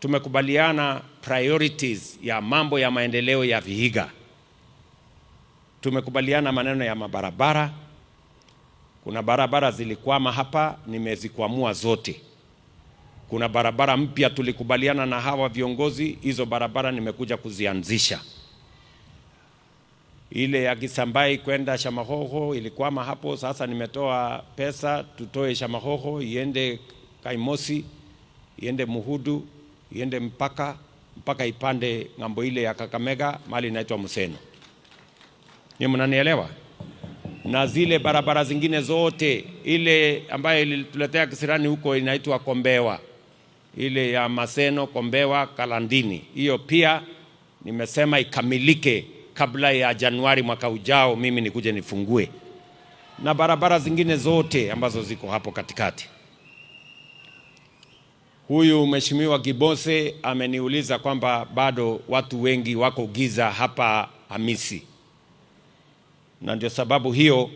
Tumekubaliana priorities ya mambo ya maendeleo ya Vihiga. Tumekubaliana maneno ya mabarabara. Kuna barabara zilikwama hapa, nimezikwamua zote. Kuna barabara mpya tulikubaliana na hawa viongozi, hizo barabara nimekuja kuzianzisha. Ile ya Kisambai kwenda Shamahoho ilikwama hapo, sasa nimetoa pesa tutoe Shamahoho iende Kaimosi iende Muhudu iende mpaka mpaka ipande ng'ambo ile ya Kakamega mali inaitwa Museno. Ni mnanielewa? Na zile barabara zingine zote, ile ambayo ilituletea kisirani huko inaitwa Kombewa, ile ya Maseno, Kombewa, Kalandini, hiyo pia nimesema ikamilike kabla ya Januari mwaka ujao, mimi nikuje nifungue, na barabara zingine zote ambazo ziko hapo katikati. Huyu mheshimiwa Gibose ameniuliza kwamba bado watu wengi wako giza hapa Hamisi, na ndio sababu hiyo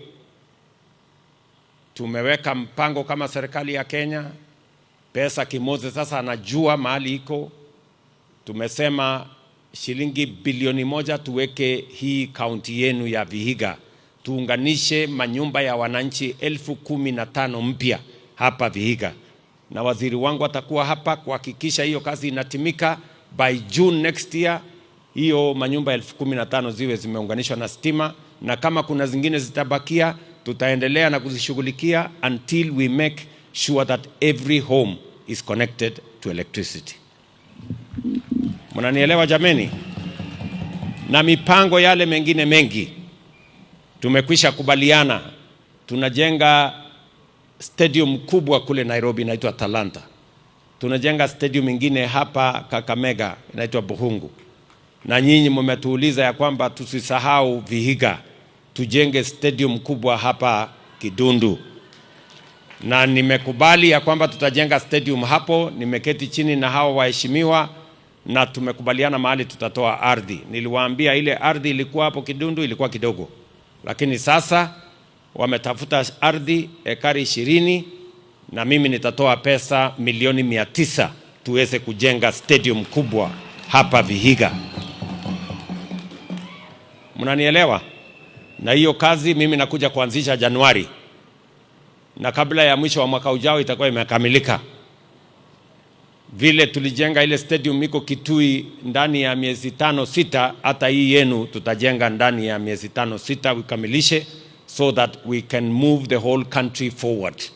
tumeweka mpango kama serikali ya Kenya. Pesa Kimoze sasa anajua mahali iko. Tumesema shilingi bilioni moja tuweke hii kaunti yenu ya Vihiga, tuunganishe manyumba ya wananchi elfu kumi na tano mpya hapa Vihiga na waziri wangu atakuwa hapa kuhakikisha hiyo kazi inatimika by June next year, hiyo manyumba elfu kumi na tano ziwe zimeunganishwa na stima, na kama kuna zingine zitabakia, tutaendelea na kuzishughulikia until we make sure that every home is connected to electricity. Mnanielewa jameni? Na mipango yale mengine mengi tumekwisha kubaliana tunajenga stadium kubwa kule Nairobi inaitwa Talanta. Tunajenga stadium ingine hapa Kakamega inaitwa Buhungu, na nyinyi mmetuuliza ya kwamba tusisahau Vihiga, tujenge stadium kubwa hapa Kidundu, na nimekubali ya kwamba tutajenga stadium hapo. Nimeketi chini na hao waheshimiwa na tumekubaliana mahali tutatoa ardhi. Niliwaambia ile ardhi ilikuwa hapo Kidundu ilikuwa kidogo, lakini sasa wametafuta ardhi ekari ishirini na mimi nitatoa pesa milioni mia tisa tuweze kujenga stadium kubwa hapa Vihiga. Mnanielewa? Na hiyo kazi mimi nakuja kuanzisha Januari, na kabla ya mwisho wa mwaka ujao itakuwa imekamilika. Vile tulijenga ile stadium iko Kitui ndani ya miezi tano sita, hata hii yenu tutajenga ndani ya miezi tano sita, ukamilishe. so that we can move the whole country forward.